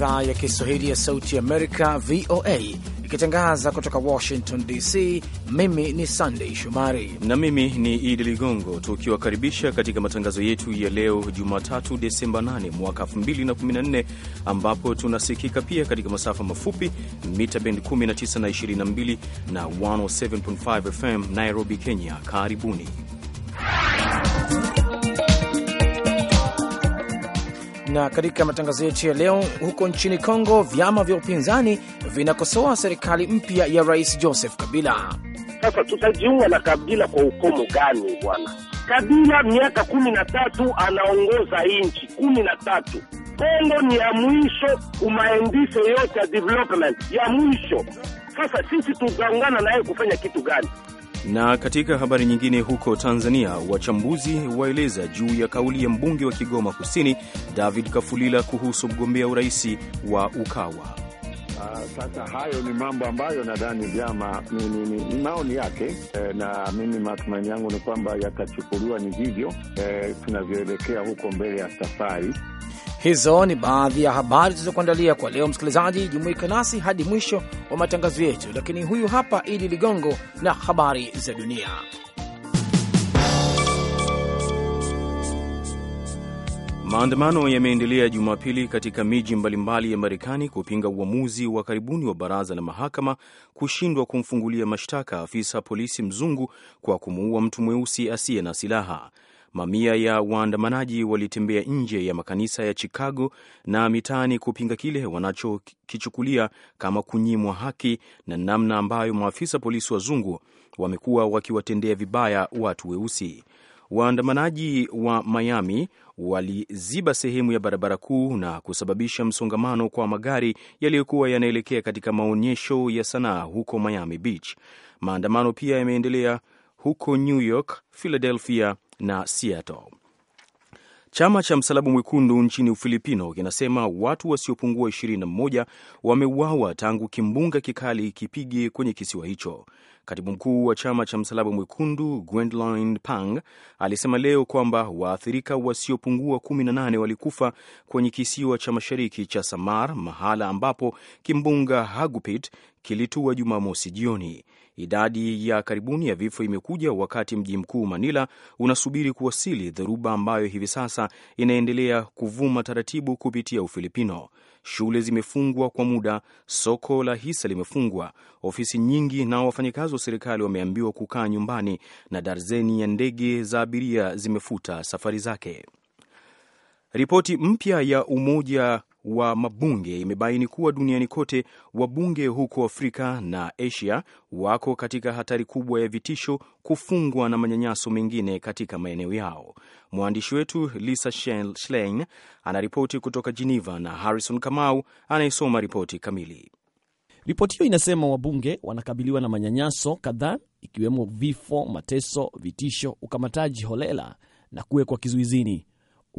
idhaa ya Kiswahili ya Sauti Amerika, VOA, ikitangaza kutoka Washington DC. Mimi ni Sandei Shomari na mimi ni Idi Ligongo, tukiwakaribisha katika matangazo yetu ya leo Jumatatu, Desemba 8 mwaka 2014, ambapo tunasikika pia katika masafa mafupi mita bendi 19 na 22 na 107.5 FM Nairobi, Kenya. Karibuni Na katika matangazo yetu ya leo, huko nchini Kongo vyama vya upinzani vinakosoa serikali mpya ya Rais Joseph Kabila. Sasa tutajiunga na Kabila kwa ukomo gani bwana? Kabila miaka kumi na tatu anaongoza nchi kumi na tatu. Kongo ni ya mwisho umaendisho yote ya development ya mwisho. Sasa sisi tutaungana naye kufanya kitu gani? Na katika habari nyingine, huko Tanzania wachambuzi waeleza juu ya kauli ya mbunge wa Kigoma Kusini David Kafulila kuhusu mgombea urais wa Ukawa. Ah, sasa hayo ni mambo ambayo nadhani vyama ni, ni, ni, ni maoni yake e, na mimi matumaini yangu ni kwamba yatachukuliwa ni hivyo e, tunavyoelekea huko mbele ya safari. Hizo ni baadhi ya habari zilizokuandalia kwa leo. Msikilizaji, jumuika nasi hadi mwisho wa matangazo yetu, lakini huyu hapa Idi Ligongo na habari za dunia. Maandamano yameendelea Jumapili katika miji mbalimbali ya Marekani kupinga uamuzi wa karibuni wa baraza la mahakama kushindwa kumfungulia mashtaka afisa polisi mzungu kwa kumuua mtu mweusi asiye na silaha. Mamia ya waandamanaji walitembea nje ya makanisa ya Chicago na mitaani kupinga kile wanachokichukulia kama kunyimwa haki na namna ambayo maafisa polisi wazungu wamekuwa wakiwatendea vibaya watu weusi. Waandamanaji wa Miami waliziba sehemu ya barabara kuu na kusababisha msongamano kwa magari yaliyokuwa yanaelekea katika maonyesho ya sanaa huko Miami Beach. Maandamano pia yameendelea huko New York, Philadelphia na Seattle. Chama cha Msalaba Mwekundu nchini Ufilipino kinasema watu wasiopungua 21 wameuawa tangu kimbunga kikali kipige kwenye kisiwa hicho. Katibu mkuu wa chama cha Msalaba Mwekundu Gwendoline Pang alisema leo kwamba waathirika wasiopungua 18 walikufa kwenye kisiwa cha mashariki cha Samar, mahala ambapo kimbunga Hagupit kilitua Jumamosi jioni. Idadi ya karibuni ya vifo imekuja wakati mji mkuu Manila unasubiri kuwasili dhoruba ambayo hivi sasa inaendelea kuvuma taratibu kupitia Ufilipino. Shule zimefungwa kwa muda, soko la hisa limefungwa, ofisi nyingi na wafanyakazi wa serikali wameambiwa kukaa nyumbani, na darzeni ya ndege za abiria zimefuta safari zake. Ripoti mpya ya Umoja wa mabunge imebaini kuwa duniani kote wabunge huko Afrika na Asia wako katika hatari kubwa ya vitisho, kufungwa na manyanyaso mengine katika maeneo yao. Mwandishi wetu Lisa Schlein anaripoti kutoka Geneva na Harrison Kamau anayesoma ripoti kamili. Ripoti hiyo inasema wabunge wanakabiliwa na manyanyaso kadhaa ikiwemo vifo, mateso, vitisho, ukamataji holela na kuwekwa kizuizini.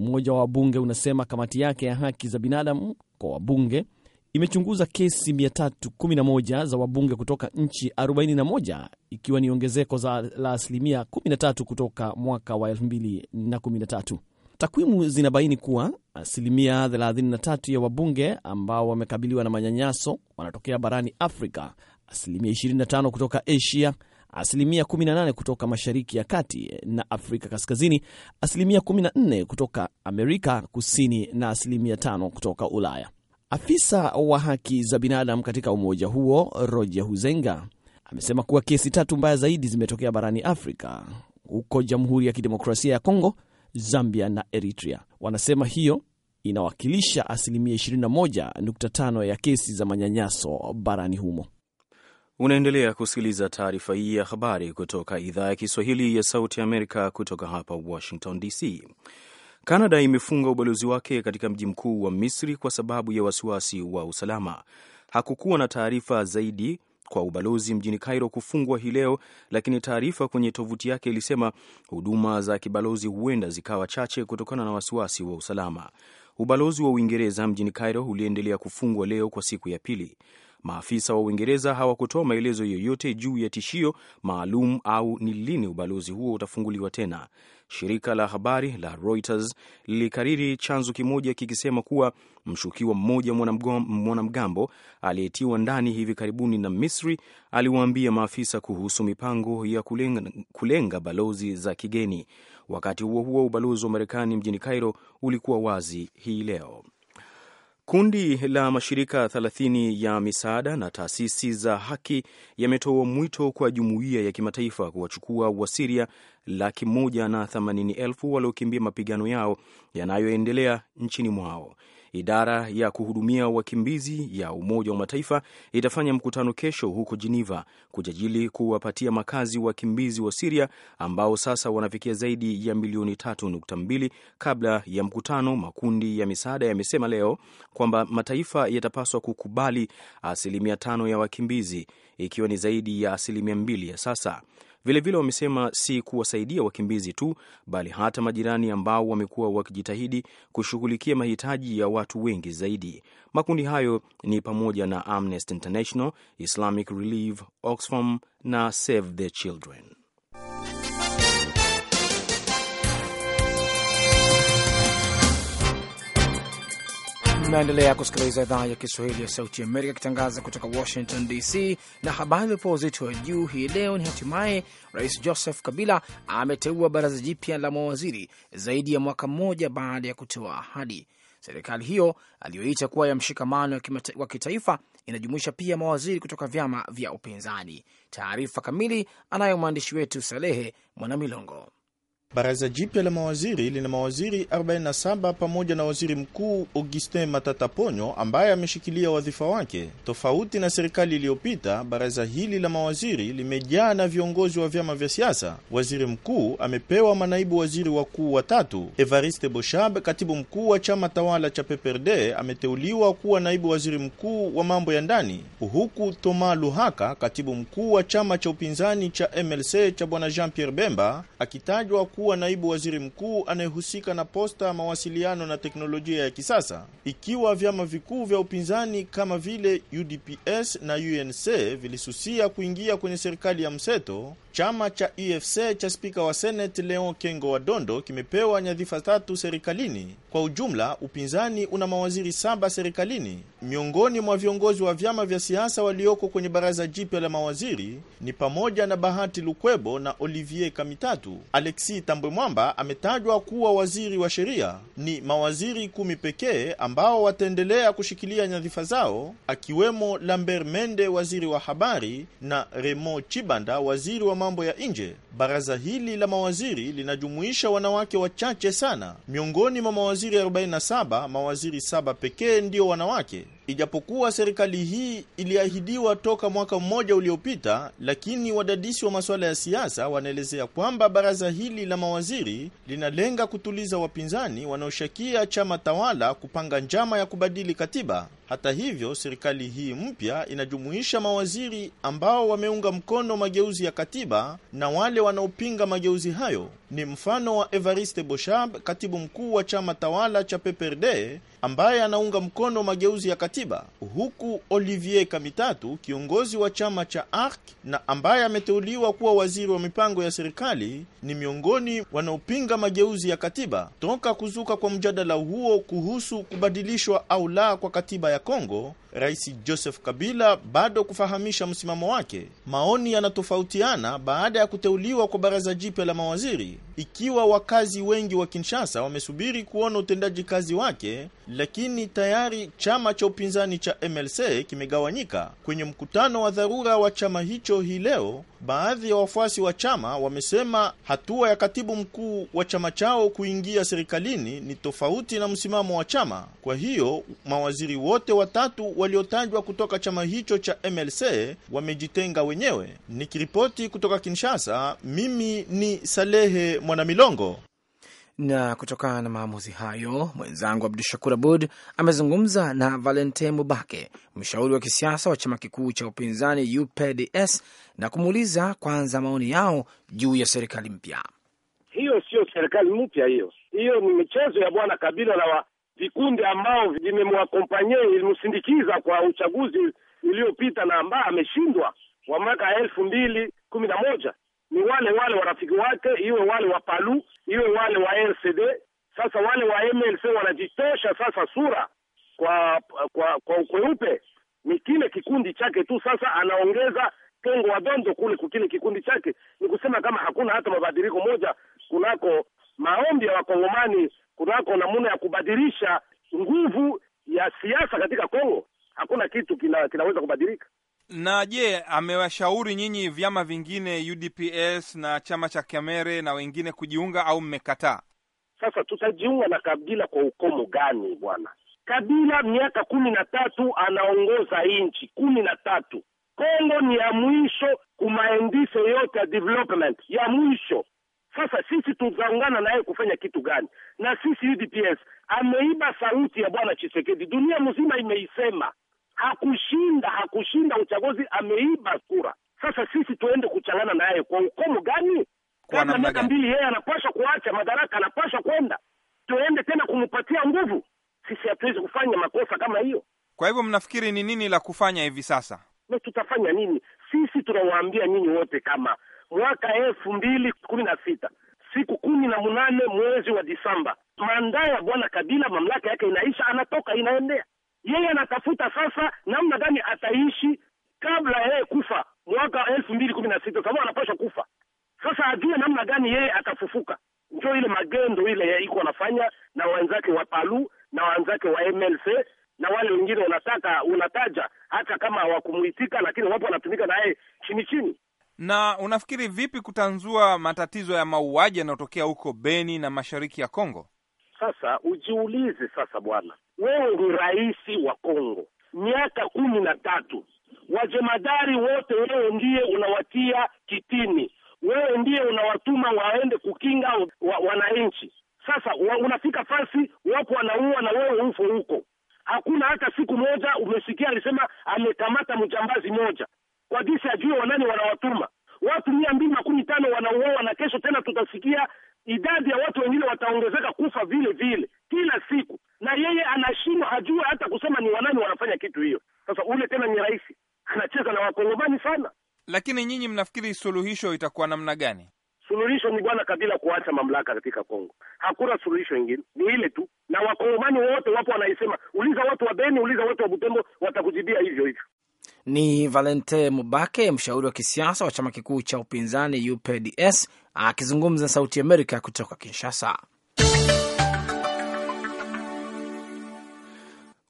Umoja wa wabunge unasema kamati yake ya haki za binadamu kwa wabunge imechunguza kesi 311 za wabunge kutoka nchi 41 ikiwa ni ongezeko la asilimia 13 kutoka mwaka wa 2013. Takwimu zinabaini kuwa asilimia 33 ya wabunge ambao wamekabiliwa na manyanyaso wanatokea barani Afrika, asilimia 25 kutoka Asia, asilimia 18 kutoka Mashariki ya Kati na Afrika Kaskazini, asilimia 14 kutoka Amerika Kusini na asilimia 5 kutoka Ulaya. Afisa wa haki za binadamu katika umoja huo Roger Huzenga amesema kuwa kesi tatu mbaya zaidi zimetokea barani Afrika, huko Jamhuri ya Kidemokrasia ya Kongo, Zambia na Eritrea. Wanasema hiyo inawakilisha asilimia 21.5 ya kesi za manyanyaso barani humo. Unaendelea kusikiliza taarifa hii ya habari kutoka idhaa ya Kiswahili ya Sauti ya Amerika kutoka hapa Washington DC. Kanada imefunga ubalozi wake katika mji mkuu wa Misri kwa sababu ya wasiwasi wa usalama. Hakukuwa na taarifa zaidi kwa ubalozi mjini Cairo kufungwa hii leo, lakini taarifa kwenye tovuti yake ilisema huduma za kibalozi huenda zikawa chache kutokana na wasiwasi wa usalama. Ubalozi wa Uingereza mjini Cairo uliendelea kufungwa leo kwa siku ya pili. Maafisa wa Uingereza hawakutoa maelezo yoyote juu ya tishio maalum au ni lini ubalozi huo utafunguliwa tena. Shirika la habari la Reuters lilikariri chanzo kimoja kikisema kuwa mshukiwa mmoja mwanamgambo aliyetiwa ndani hivi karibuni na Misri aliwaambia maafisa kuhusu mipango ya kulenga, kulenga balozi za kigeni. Wakati huo huo, ubalozi wa Marekani mjini Cairo ulikuwa wazi hii leo. Kundi la mashirika 30 ya misaada na taasisi za haki yametoa mwito kwa jumuiya ya kimataifa kuwachukua Wasiria laki moja na themanini elfu waliokimbia mapigano yao yanayoendelea nchini mwao. Idara ya kuhudumia wakimbizi ya Umoja wa Mataifa itafanya mkutano kesho huko Jeneva kujajili kuwapatia makazi wakimbizi wa Siria ambao sasa wanafikia zaidi ya milioni 3.2. Kabla ya mkutano, makundi ya misaada yamesema leo kwamba mataifa yatapaswa kukubali asilimia tano ya wakimbizi ikiwa ni zaidi ya asilimia mbili ya sasa. Vilevile wamesema si kuwasaidia wakimbizi tu, bali hata majirani ambao wamekuwa wakijitahidi kushughulikia mahitaji ya watu wengi zaidi. Makundi hayo ni pamoja na Amnesty International, Islamic Relief, Oxfam na Save the Children. Unaendelea kusikiliza idhaa ya Kiswahili ya Sauti ya Amerika ikitangaza kutoka Washington DC, na habari iliyopewa uzito wa juu hii leo ni hatimaye Rais Joseph Kabila ameteua baraza jipya la mawaziri zaidi ya mwaka mmoja baada ya kutoa ahadi. Serikali hiyo aliyoita kuwa ya mshikamano wa kitaifa inajumuisha pia mawaziri kutoka vyama vya upinzani. Taarifa kamili anayo mwandishi wetu Salehe Mwanamilongo. Baraza jipya la mawaziri lina mawaziri 47 pamoja na waziri mkuu Augustin Matata Ponyo ambaye ameshikilia wadhifa wake. Tofauti na serikali iliyopita, baraza hili la mawaziri limejaa na viongozi wa vyama vya siasa. Waziri mkuu amepewa manaibu waziri wakuu watatu. Evariste Boshab, katibu mkuu wa chama tawala cha PPRD, ameteuliwa kuwa naibu waziri mkuu wa mambo ya ndani, huku Thomas Luhaka, katibu mkuu wa chama cha upinzani cha MLC cha bwana Jean Pierre Bemba, akitajwa kuwa naibu waziri mkuu anayehusika na posta, mawasiliano na teknolojia ya kisasa, ikiwa vyama vikuu vya upinzani kama vile UDPS na UNC vilisusia kuingia kwenye serikali ya mseto. Chama cha EFC cha spika wa Senate Leon Kengo wa Dondo kimepewa nyadhifa tatu serikalini. Kwa ujumla, upinzani una mawaziri saba serikalini. Miongoni mwa viongozi wa vyama vya siasa walioko kwenye baraza jipya la mawaziri ni pamoja na Bahati Lukwebo na Olivier Kamitatu. Alexi Tambwe Mwamba ametajwa kuwa waziri wa sheria. Ni mawaziri kumi pekee ambao wataendelea kushikilia nyadhifa zao, akiwemo Lambert Mende, waziri wa habari, na Remo Chibanda, waziri wa mambo ya nje. Baraza hili la mawaziri linajumuisha wanawake wachache sana. Miongoni mwa mawaziri 47, mawaziri saba pekee ndio wanawake. Ijapokuwa serikali hii iliahidiwa toka mwaka mmoja uliopita, lakini wadadisi wa masuala ya siasa wanaelezea kwamba baraza hili la mawaziri linalenga kutuliza wapinzani wanaoshakia chama tawala kupanga njama ya kubadili katiba. Hata hivyo, serikali hii mpya inajumuisha mawaziri ambao wameunga mkono mageuzi ya katiba na wale wanaopinga mageuzi hayo ni mfano wa Evariste Boshab, katibu mkuu wa chama tawala cha PPRD ambaye anaunga mkono mageuzi ya katiba, huku Olivier Kamitatu, kiongozi wa chama cha ARC na ambaye ameteuliwa kuwa waziri wa mipango ya serikali, ni miongoni wanaopinga mageuzi ya katiba toka kuzuka kwa mjadala huo kuhusu kubadilishwa au la kwa katiba ya Kongo Rais Joseph Kabila bado kufahamisha msimamo wake. Maoni yanatofautiana baada ya kuteuliwa kwa baraza jipya la mawaziri, ikiwa wakazi wengi wa Kinshasa wamesubiri kuona utendaji kazi wake, lakini tayari chama cha upinzani cha MLC kimegawanyika. Kwenye mkutano wa dharura wa chama hicho hii leo, baadhi ya wafuasi wa chama wamesema hatua ya katibu mkuu wa chama chao kuingia serikalini ni tofauti na msimamo wa chama. Kwa hiyo mawaziri wote watatu waliotajwa kutoka chama hicho cha MLC wamejitenga wenyewe. Nikiripoti kutoka Kinshasa, mimi ni Salehe Mwanamilongo. Na kutokana na maamuzi hayo, mwenzangu Abdu Shakur Abud amezungumza na Valente Mubake, mshauri wa kisiasa wa chama kikuu cha upinzani UPDS, na kumuuliza kwanza maoni yao juu ya serikali mpya. Hiyo siyo serikali mpya, hiyo hiyo ni michezo ya Bwana Kabila na vikundi ambao vimemwakompanye ilimsindikiza kwa uchaguzi uliopita na ambaye ameshindwa wa mwaka elfu mbili kumi na moja ni wale wale warafiki wake, iwe wale wa PALU iwe wale wa RCD. Sasa wale wa MLC wanajitosha sasa sura kwa kwa kwa ukweupe, ni kile kikundi chake tu. Sasa anaongeza kengo wa dondo kule kukile kikundi chake, ni kusema kama hakuna hata mabadiliko moja kunako maombi ya Wakongomani, kunako namuna ya kubadilisha nguvu ya siasa katika Kongo, hakuna kitu kina, kinaweza kubadilika. Na je, amewashauri nyinyi vyama vingine UDPS na chama cha Kamere na wengine kujiunga au mmekataa? Sasa tutajiunga na Kabila kwa ukomo gani bwana? Kabila miaka kumi na tatu anaongoza nchi kumi na tatu. Kongo ni ya mwisho kumaendiso yote ya development ya mwisho. Sasa sisi tutaungana yeye kufanya kitu gani? Na sisi UDPS ameiba sauti ya bwana Chisekedi, dunia mzima imeisema hakushinda, hakushinda uchaguzi, ameiba kura. Sasa sisi tuende kuchangana naye kwa ukomo gani? Kabla miaka mbili yeye anapaswa kuacha madaraka, anapaswa kwenda, tuende tena kumpatia nguvu? Sisi hatuwezi kufanya makosa kama hiyo. Kwa hivyo mnafikiri ni nini la kufanya hivi sasa? Me, tutafanya nini sisi? Tunawaambia nyinyi wote kama mwaka elfu mbili kumi na sita siku kumi na munane mwezi wa Disemba, mandaa ya bwana Kabila mamlaka yake inaisha, anatoka inaendea yeye anatafuta sasa namna gani ataishi kabla yeye kufa mwaka wa elfu mbili kumi na sita sababu anapashwa kufa sasa, ajue namna gani yeye atafufuka. Ndio ile magendo ile iko anafanya na wenzake wa Palu na wenzake wa MLC na wale wengine unataka unataja, hata kama hawakumuitika, lakini wapo wanatumika naye chini chini. Na unafikiri vipi kutanzua matatizo ya mauaji yanayotokea huko Beni na mashariki ya Kongo? Sasa ujiulize sasa, bwana, wewe ni rais wa Kongo miaka kumi na tatu, wajemadari wote wewe ndiye unawatia kitini, wewe ndiye unawatuma waende kukinga wa, wananchi. Sasa wa, unafika fasi wapo wanaua na wewe ufo huko. Hakuna hata siku moja umesikia alisema amekamata mjambazi moja kwa jinsi ajue wanani wanawatuma watu mia mbili makumi tano wanauawa, na kesho tena tutasikia idadi ya watu wengine wataongezeka kufa vile vile kila siku, na yeye anashindwa, hajua hata kusema ni wanani wanafanya kitu hiyo. Sasa ule tena ni rais anacheza na wakongomani sana. Lakini nyinyi mnafikiri suluhisho itakuwa namna gani? Suluhisho ni bwana Kabila kuacha mamlaka katika Kongo. Hakuna suluhisho ingine, ni ile tu, na wakongomani wote wapo wanaisema. Uliza watu wa Beni, uliza watu wa Butembo, watakujibia hivyo hivyo. Ni Valente Mubake, mshauri wa kisiasa wa chama kikuu cha upinzani UPDS akizungumza Sauti Amerika kutoka Kinshasa.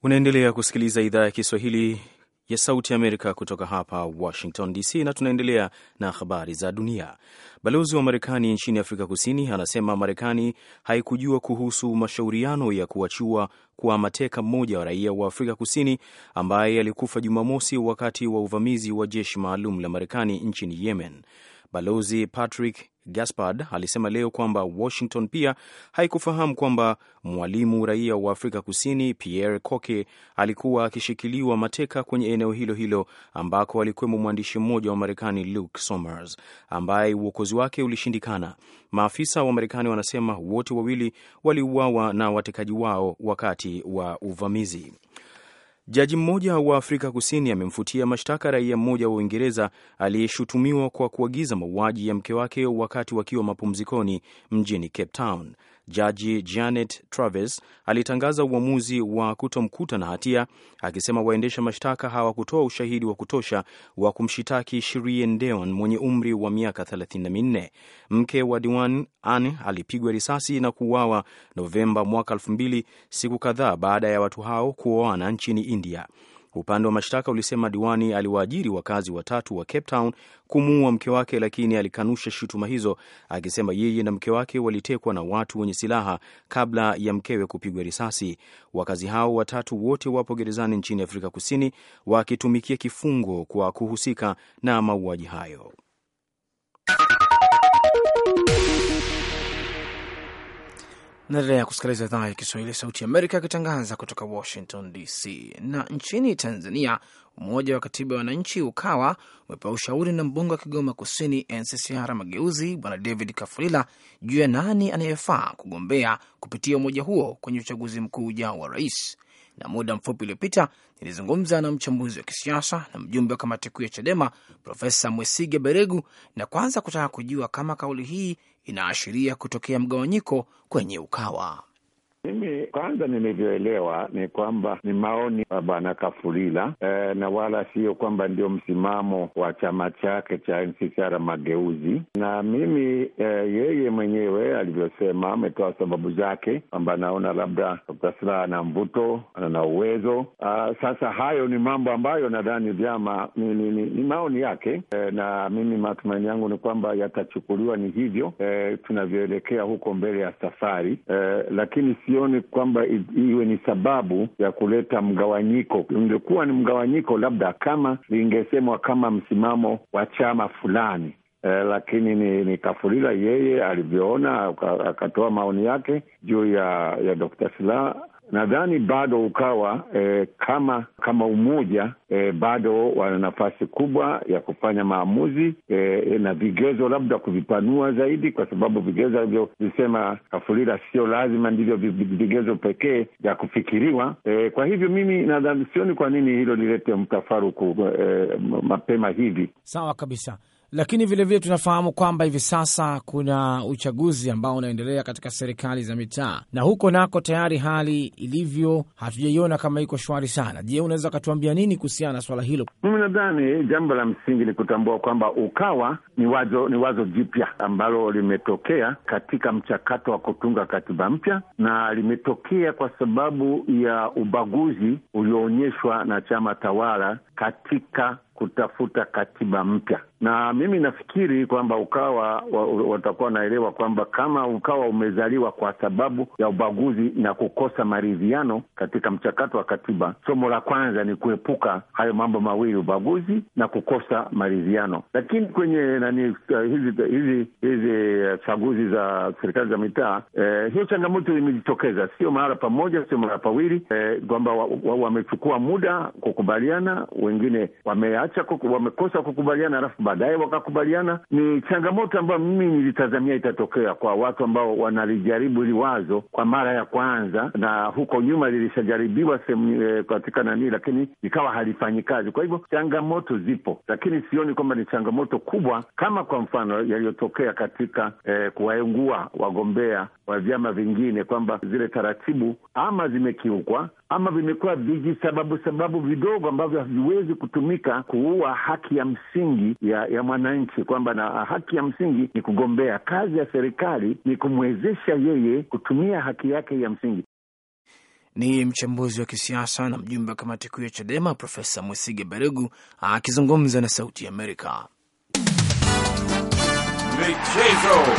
Unaendelea kusikiliza idhaa ya Kiswahili ya Sauti Amerika kutoka hapa Washington DC, na tunaendelea na habari za dunia. Balozi wa Marekani nchini Afrika Kusini anasema Marekani haikujua kuhusu mashauriano ya kuachiwa kwa mateka mmoja wa raia wa Afrika Kusini ambaye alikufa Jumamosi wakati wa uvamizi wa jeshi maalum la Marekani nchini Yemen. Balozi Patrick Gaspard alisema leo kwamba Washington pia haikufahamu kwamba mwalimu raia wa Afrika Kusini Pierre coke alikuwa akishikiliwa mateka kwenye eneo hilo hilo ambako alikuwemo mwandishi mmoja wa Marekani Luke Somers ambaye uokozi wake ulishindikana. Maafisa wa Marekani wanasema wote wawili waliuawa na watekaji wao wakati wa uvamizi. Jaji mmoja wa Afrika Kusini amemfutia mashtaka raia mmoja wa Uingereza aliyeshutumiwa kwa kuagiza mauaji ya mke wake wakati wakiwa mapumzikoni mjini Cape Town. Jaji Janet Traves alitangaza uamuzi wa kutomkuta na hatia, akisema waendesha mashtaka hawakutoa ushahidi wa kutosha wa kumshitaki Shirien Deon mwenye umri wa miaka 34. Mke wa Diwan an alipigwa risasi na kuuawa Novemba mwaka 2000, siku kadhaa baada ya watu hao kuoana nchini India. Upande wa mashtaka ulisema Diwani aliwaajiri wakazi watatu wa Cape Town kumuua mke wake, lakini alikanusha shutuma hizo, akisema yeye na mke wake walitekwa na watu wenye silaha kabla ya mkewe kupigwa risasi. Wakazi hao watatu wote wapo gerezani nchini Afrika Kusini wakitumikia kifungo kwa kuhusika na mauaji hayo. Naendelea kusikiliza idhaa ya Kiswahili ya Sauti Amerika akitangaza kutoka Washington DC. Na nchini Tanzania, Umoja wa Katiba ya Wananchi UKAWA umepewa ushauri na mbunge wa Kigoma Kusini NCCR Mageuzi, Bwana David Kafulila juu ya nani anayefaa kugombea kupitia umoja huo kwenye uchaguzi mkuu ujao wa rais. Na muda mfupi uliopita nilizungumza na mchambuzi wa kisiasa na mjumbe wa kamati kuu ya CHADEMA Profesa Mwesiga Beregu, na kwanza kutaka kujua kama kauli hii inaashiria kutokea mgawanyiko kwenye Ukawa. Mimi kwanza, nilivyoelewa ni kwamba ni maoni ya bwana Kafulila e, na wala sio kwamba ndio msimamo wa chama chake cha NCCR Mageuzi. Na mimi e, yeye mwenyewe alivyosema, ametoa sababu zake kwamba anaona labda Dkt. Slaa ana mvuto, ana uwezo. Ah, sasa hayo ni mambo ambayo nadhani vyama ni, ni, ni, ni maoni yake e, na mimi matumaini yangu ni kwamba yatachukuliwa ni hivyo e, tunavyoelekea huko mbele ya safari e, lakini si sioni kwamba iwe ni sababu ya kuleta mgawanyiko. ingekuwa ni mgawanyiko labda kama lingesemwa kama msimamo wa chama fulani. Eh, lakini ni, ni Kafulila yeye alivyoona akatoa maoni yake juu ya ya Dr. Slaa nadhani bado ukawa e, kama kama umoja e, bado wana nafasi kubwa ya kufanya maamuzi e, na vigezo labda kuvipanua zaidi, kwa sababu vigezo alivyovisema Kafulila sio lazima ndivyo vigezo pekee vya kufikiriwa. E, kwa hivyo mimi nadhani sioni kwa nini hilo lilete mtafaruku e, mapema hivi. Sawa kabisa lakini vilevile tunafahamu kwamba hivi sasa kuna uchaguzi ambao unaendelea katika serikali za mitaa, na huko nako tayari hali ilivyo hatujaiona kama iko shwari sana. Je, unaweza ukatuambia nini kuhusiana na swala hilo? Mimi nadhani jambo la msingi ni kutambua kwamba UKAWA ni wazo, ni wazo jipya ambalo limetokea katika mchakato wa kutunga katiba mpya, na limetokea kwa sababu ya ubaguzi ulioonyeshwa na chama tawala katika kutafuta katiba mpya, na mimi nafikiri kwamba Ukawa watakuwa wanaelewa kwamba kama Ukawa umezaliwa kwa sababu ya ubaguzi na kukosa maridhiano katika mchakato wa katiba, somo la kwanza ni kuepuka hayo mambo mawili, ubaguzi na kukosa maridhiano. Lakini kwenye nani, uh, hizi hizi hizi chaguzi za serikali za mitaa eh, hiyo changamoto imejitokeza, sio mahala pamoja, sio mahala pawili, eh, kwamba wamechukua wa, wa muda kukubaliana, wengine wameacha wameacha kuku, wamekosa kukubaliana, alafu baadaye wakakubaliana. Ni changamoto ambayo mimi nilitazamia itatokea kwa watu ambao wanalijaribu liwazo kwa mara ya kwanza, na huko nyuma lilishajaribiwa sehemu e, katika nani, lakini ikawa halifanyi kazi. Kwa hivyo changamoto zipo, lakini sioni kwamba ni changamoto kubwa kama kwa mfano yaliyotokea katika e, kuwaengua wagombea wa vyama vingine, kwamba zile taratibu ama zimekiukwa ama vimekuwa viji sababu sababu vidogo ambavyo haviwezi kutumika ku kuua haki ya msingi ya, ya mwananchi, kwamba na haki ya msingi ni kugombea. Kazi ya serikali ni kumwezesha yeye kutumia haki yake ya msingi. Ni mchambuzi wa kisiasa na mjumbe wa kamati kuu ya Chadema Profesa Mwesige Baregu akizungumza na Sauti Amerika. Michezo.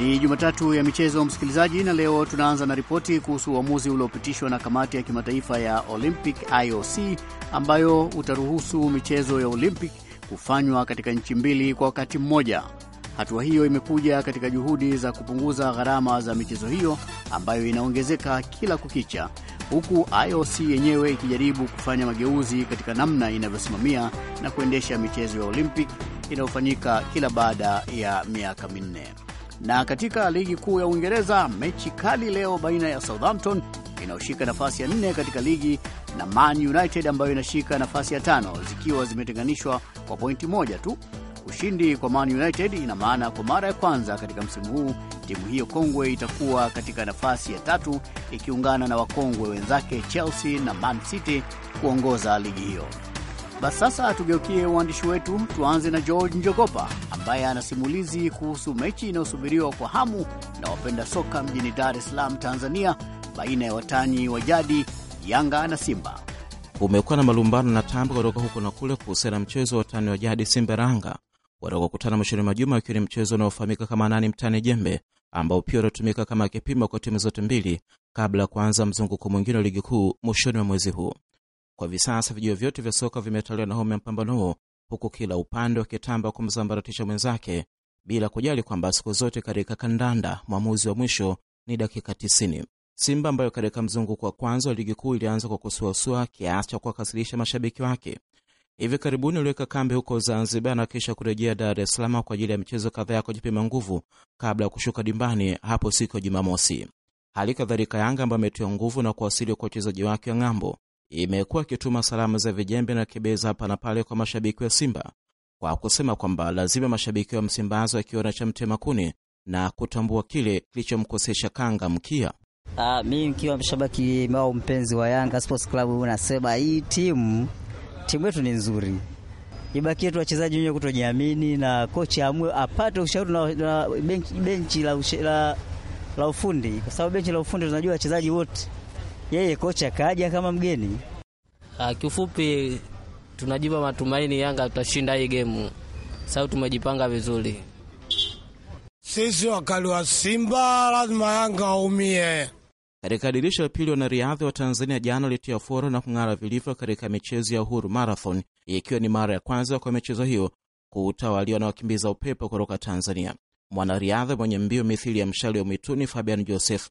Ni Jumatatu ya michezo, msikilizaji, na leo tunaanza na ripoti kuhusu uamuzi uliopitishwa na kamati ya kimataifa ya Olympic IOC ambayo utaruhusu michezo ya Olympic kufanywa katika nchi mbili kwa wakati mmoja. Hatua hiyo imekuja katika juhudi za kupunguza gharama za michezo hiyo ambayo inaongezeka kila kukicha, huku IOC yenyewe ikijaribu kufanya mageuzi katika namna inavyosimamia na kuendesha michezo ya Olympic inayofanyika kila baada ya miaka minne. Na katika ligi kuu ya Uingereza, mechi kali leo baina ya Southampton inayoshika nafasi ya nne katika ligi na Man United ambayo inashika nafasi ya tano zikiwa zimetenganishwa kwa pointi moja tu. Ushindi kwa Man United ina maana kwa mara ya kwanza katika msimu huu timu hiyo kongwe itakuwa katika nafasi ya tatu ikiungana na wakongwe wenzake Chelsea na Man City kuongoza ligi hiyo. Basi sasa tugeukie uandishi wetu, tuanze na George Njogopa ambaye anasimulizi kuhusu mechi inayosubiriwa kwa hamu na wapenda soka mjini Dar es Salaam, Tanzania, baina ya watani wa jadi Yanga na Simba. Umekuwa na malumbano na tambo kutoka huko na kule kuhusiana na mchezo wa watani wa jadi Simba Ranga watakaokutana mwishoni mwa juma, ikiwa ni mchezo unaofahamika kama nani mtani jembe, ambao pia unatumika kama kipimo kwa timu zote mbili kabla ya kuanza mzunguko mwingine wa ligi kuu mwishoni mwa mwezi huu. Kwa hivi sasa vijio vyote vya soka vimetolewa na homa ya mpambano huo, huku kila upande wakitamba kumsambaratisha mwenzake bila kujali kwamba siku zote katika kandanda mwamuzi wa mwisho ni dakika 90. Simba ambayo katika mzunguko wa kwanza wa ligi kuu ilianza kwa kusuasua kiasi cha kuwakasirisha mashabiki wake, hivi karibuni uliweka kambi huko Zanzibar na kisha kurejea Dar es Salaam kwa ajili ya michezo kadhaa ya kujipima nguvu kabla ya kushuka dimbani hapo siku ya Jumamosi. Hali kadhalika Yanga ambayo ametiwa nguvu na kuwasili kwa uchezaji wake wa ng'ambo imekuwa ikituma salamu za vijembe na kibeza hapa na pale kwa mashabiki wa Simba kwa kusema kwamba lazima mashabiki wa Msimbazi wakiona cha mtema kuni na kutambua kile kilichomkosesha kanga mkia. Ah, mi nkiwa mshabaki au mpenzi wa Yanga Sports Club unasema hii timu timu yetu ni nzuri, ibaki yetu wachezaji wenyewe kutojiamini na kocha amwe apate ushauri na, na benchi, benchi la, la, la ufundi, kwa sababu benchi la ufundi tunajua wachezaji wote yeye kocha kaja kama mgeni. Ah, Kiufupi, tunajipa matumaini Yanga tutashinda hii gemu, sababu tumejipanga vizuri. Sisi wakali wa Simba lazima Yanga waumie. Katika dirisha la pili, wanariadha wa Tanzania jana walitia fora na kung'ara vilivyo katika michezo ya Uhuru Marathon, ikiwa ni mara ya kwanza kwa michezo hiyo kutawaliwa na wakimbiza upepo kutoka Tanzania. Mwanariadha mwenye mbio mithili ya mshale wa mwituni Fabian Joseph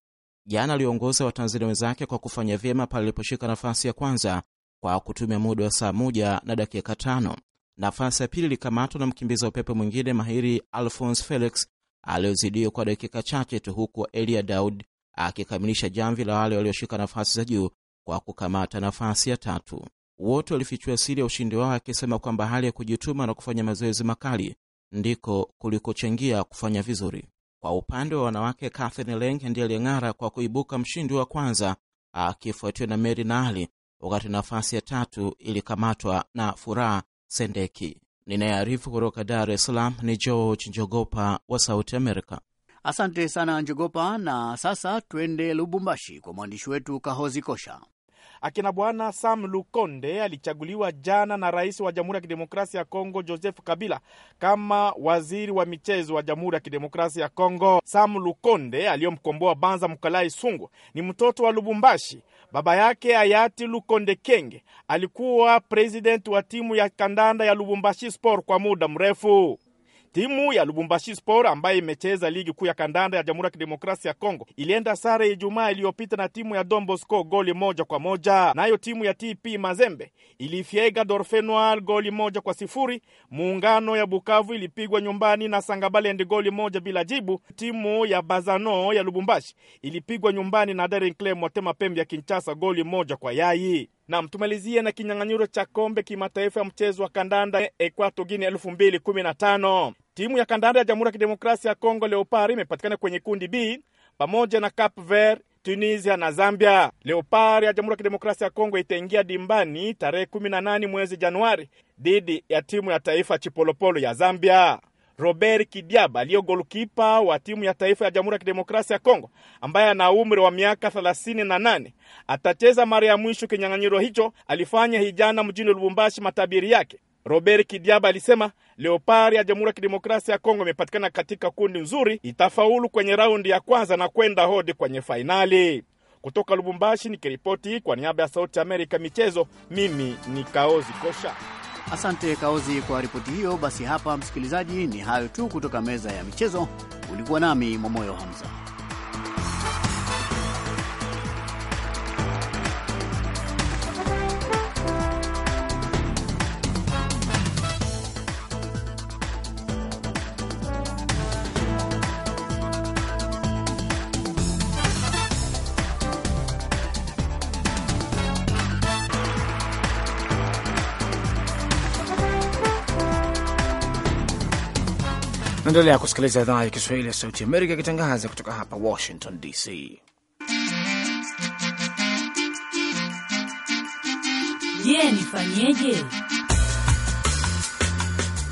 Jana aliongoza Watanzania wenzake kwa kufanya vyema pale aliposhika nafasi ya kwanza kwa kutumia muda wa saa moja na dakika tano. Nafasi ya pili ilikamatwa na mkimbiza upepe mwingine mahiri Alphonse Felix aliyozidiwa kwa dakika chache tu, huku Elia Daud akikamilisha jamvi la wale walioshika nafasi za juu kwa kukamata nafasi ya tatu. Wote walifichua siri ya ushindi wao, akisema kwamba hali ya kujituma na kufanya mazoezi makali ndiko kulikochangia kufanya vizuri. Kwa upande wa wanawake, Catherine Leng ndiye aliyeng'ara kwa kuibuka mshindi wa kwanza akifuatiwa na Mary Naali, wakati nafasi ya tatu ilikamatwa na Furaha Sendeki. Ninayearifu kutoka Dar es Salaam ni George Njogopa wa Sauti Amerika. Asante sana Njogopa, na sasa twende Lubumbashi kwa mwandishi wetu Kahozi Kosha akina Bwana Sam Lukonde alichaguliwa jana na rais wa Jamhuri ya Kidemokrasia ya Kongo Joseph Kabila kama waziri wa michezo wa Jamhuri ya Kidemokrasia ya Kongo. Sam Lukonde aliyomkomboa Banza Mkalai Sungu ni mtoto wa Lubumbashi. Baba yake hayati Lukonde Kenge alikuwa president wa timu ya kandanda ya Lubumbashi Sport kwa muda mrefu. Timu ya Lubumbashi Sport ambayo imecheza ligi kuu ya kandanda ya Jamhuri ya Kidemokrasia ya Kongo ilienda sare Ijumaa iliyopita na timu ya Don Bosco goli moja kwa moja. Nayo timu ya TP Mazembe ilifyega dorfenoal goli moja kwa sifuri. Muungano ya Bukavu ilipigwa nyumbani na Sangabalend goli moja bila jibu. Timu ya Bazano ya Lubumbashi ilipigwa nyumbani na Daring Club Motema Pembe ya Kinshasa goli moja kwa yai. Nam, tumalizie na kinyang'anyiro cha kombe kimataifa ya mchezo wa kandanda Ekwato Gini elfu mbili kumi na tano. Timu ya kandanda ya Jamhuri ya Kidemokrasia ya Kongo Leopard imepatikana kwenye kundi B pamoja na Cap Verde, Tunisia na Zambia. Leopard ya Jamhuri ya Kidemokrasia ya Kongo itaingia dimbani tarehe 18 mwezi Januari dhidi ya timu ya taifa Chipolopolo ya Zambia. Robert Kidiaba aliyo golkipa wa timu ya taifa ya Jamhuri ya Kidemokrasia ya Kongo ambaye ana umri wa miaka 38 atacheza mara ya mwisho kinyang'anyiro hicho. Alifanya hijana mjini Lubumbashi matabiri yake. Robert Kidiaba alisema Leopard ya Jamhuri ya Kidemokrasia ya Kongo imepatikana katika kundi nzuri, itafaulu kwenye raundi ya kwanza na kwenda hodi kwenye fainali. Kutoka Lubumbashi nikiripoti kwa niaba ya Sauti Amerika michezo, mimi ni Kaozi Kosha. Asante Kaozi kwa ripoti hiyo. Basi hapa, msikilizaji, ni hayo tu kutoka meza ya michezo. Ulikuwa nami Mwamoyo Hamza. Naendelea kusikiliza idhaa ya Kiswahili ya Sauti Amerika ikitangaza kutoka hapa Washington DC. Je, nifanyeje?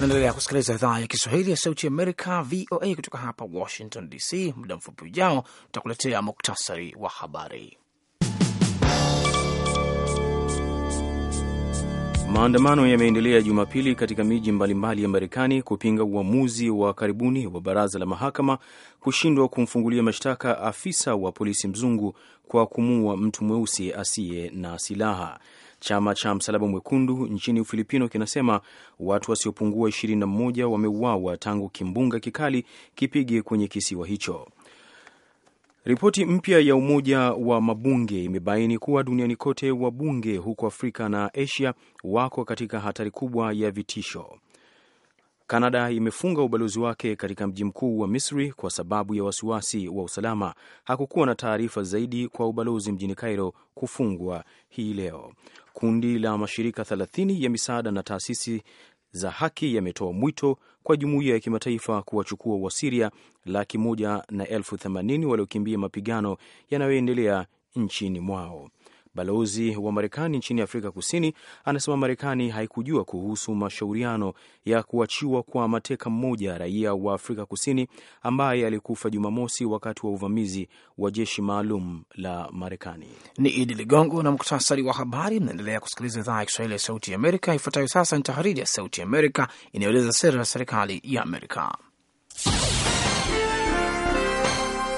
Tunaendelea kusikiliza idhaa ya Kiswahili ya Sauti Amerika, VOA, kutoka hapa Washington DC. Muda mfupi ujao tutakuletea muktasari wa habari. Maandamano yameendelea Jumapili katika miji mbalimbali ya Marekani kupinga uamuzi wa karibuni wa baraza la mahakama kushindwa kumfungulia mashtaka afisa wa polisi mzungu kwa kumuua mtu mweusi asiye na silaha. Chama cha Msalaba Mwekundu nchini Ufilipino kinasema watu wasiopungua 21 wameuawa tangu kimbunga kikali kipige kwenye kisiwa hicho. Ripoti mpya ya Umoja wa Mabunge imebaini kuwa duniani kote wabunge huko Afrika na Asia wako katika hatari kubwa ya vitisho. Kanada imefunga ubalozi wake katika mji mkuu wa Misri kwa sababu ya wasiwasi wa usalama. Hakukuwa na taarifa zaidi kwa ubalozi mjini Cairo kufungwa hii leo. Kundi la mashirika 30 ya misaada na taasisi za haki yametoa mwito kwa jumuiya ya kimataifa kuwachukua Wasiria laki moja na elfu themanini waliokimbia mapigano yanayoendelea nchini mwao. Balozi wa Marekani nchini Afrika Kusini anasema Marekani haikujua kuhusu mashauriano ya kuachiwa kwa mateka mmoja raia wa Afrika Kusini ambaye alikufa Jumamosi wakati wa uvamizi wa jeshi maalum la Marekani. Ni Idi Ligongo na muktasari wa habari. Mnaendelea kusikiliza idhaa ya Kiswahili ya Sauti ya Amerika. Ifuatayo sasa ni tahariri ya Sauti ya Amerika inayoeleza sera ya serikali ya Amerika.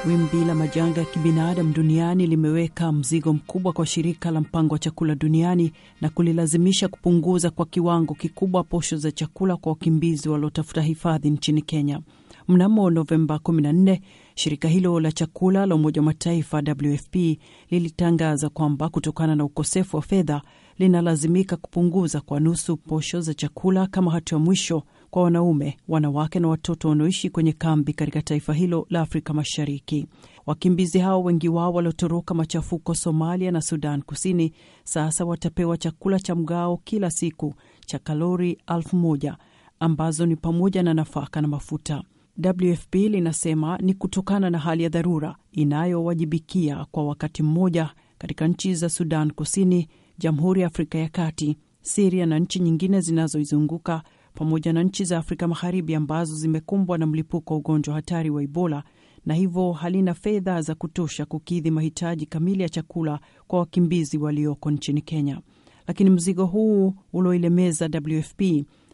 Wimbi la majanga ya kibinadamu duniani limeweka mzigo mkubwa kwa shirika la mpango wa chakula duniani na kulilazimisha kupunguza kwa kiwango kikubwa posho za chakula kwa wakimbizi waliotafuta hifadhi nchini Kenya. Mnamo Novemba 14, shirika hilo la chakula la Umoja wa Mataifa WFP lilitangaza kwamba kutokana na ukosefu wa fedha linalazimika kupunguza kwa nusu posho za chakula kama hatua ya mwisho kwa wanaume, wanawake na watoto wanaoishi kwenye kambi katika taifa hilo la Afrika Mashariki. Wakimbizi hao, wengi wao waliotoroka machafuko Somalia na Sudan Kusini, sasa watapewa chakula cha mgao kila siku cha kalori elfu moja ambazo ni pamoja na nafaka na mafuta. WFP linasema ni kutokana na hali ya dharura inayowajibikia kwa wakati mmoja katika nchi za Sudan Kusini, Jamhuri ya Afrika ya Kati, Siria na nchi nyingine zinazoizunguka pamoja na nchi za Afrika Magharibi ambazo zimekumbwa na mlipuko wa ugonjwa hatari wa Ebola na hivyo halina fedha za kutosha kukidhi mahitaji kamili ya chakula kwa wakimbizi walioko nchini Kenya. Lakini mzigo huu ulioilemeza WFP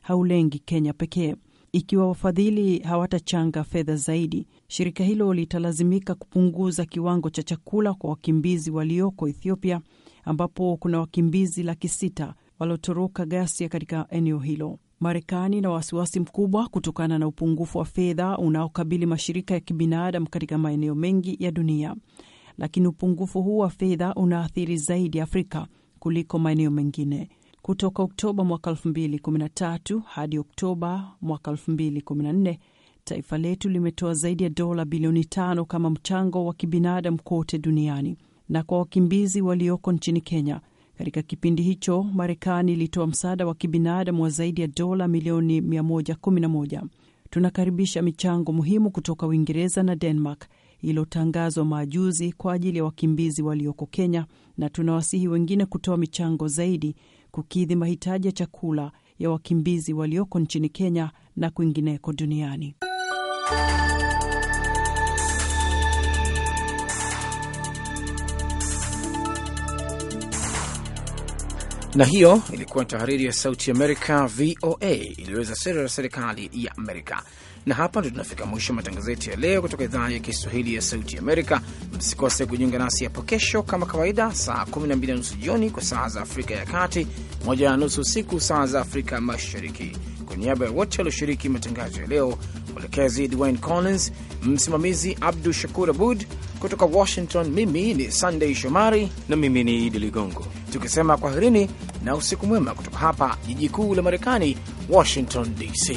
haulengi Kenya pekee. Ikiwa wafadhili hawatachanga fedha zaidi, shirika hilo litalazimika kupunguza kiwango cha chakula kwa wakimbizi walioko Ethiopia, ambapo kuna wakimbizi laki sita waliotoroka ghasia katika eneo hilo. Marekani na wasiwasi mkubwa kutokana na upungufu wa fedha unaokabili mashirika ya kibinadamu katika maeneo mengi ya dunia, lakini upungufu huu wa fedha unaathiri zaidi Afrika kuliko maeneo mengine. Kutoka Oktoba mwaka 2013 hadi Oktoba mwaka 2014 taifa letu limetoa zaidi ya dola bilioni tano kama mchango wa kibinadamu kote duniani. Na kwa wakimbizi walioko nchini Kenya, katika kipindi hicho, Marekani ilitoa msaada wa kibinadamu wa zaidi ya dola milioni 111. Tunakaribisha michango muhimu kutoka Uingereza na Denmark iliyotangazwa maajuzi kwa ajili ya wakimbizi walioko Kenya, na tunawasihi wengine kutoa michango zaidi kukidhi mahitaji ya chakula ya wakimbizi walioko nchini Kenya na kwingineko duniani. Na hiyo ilikuwa ni tahariri ya Sauti Amerika VOA iliyoweza sera ya serikali ya Amerika. Na hapa ndio tunafika mwisho matangazo yetu ya leo kutoka idhaa ya Kiswahili ya Sauti Amerika. Msikose kujiunga nasi hapo kesho kama kawaida, saa 12 na nusu jioni kwa saa za Afrika ya Kati, 1 na nusu usiku saa za Afrika Mashariki niaba ya wote walioshiriki matangazo ya leo, mwelekezi Dwayne Collins, msimamizi Abdu Shakur Abud kutoka Washington, mimi ni sandey Shomari na mimi ni Idi Ligongo, tukisema kwaherini na usiku mwema kutoka hapa jiji kuu la Marekani, Washington DC.